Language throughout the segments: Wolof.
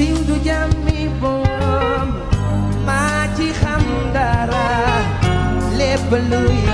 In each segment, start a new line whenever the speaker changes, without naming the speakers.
siiw du jàmmi boom maa ci xam dara lépp luy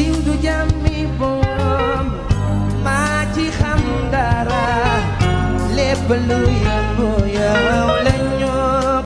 siiw du jàmmi boom maa ci xam dara lépp
luy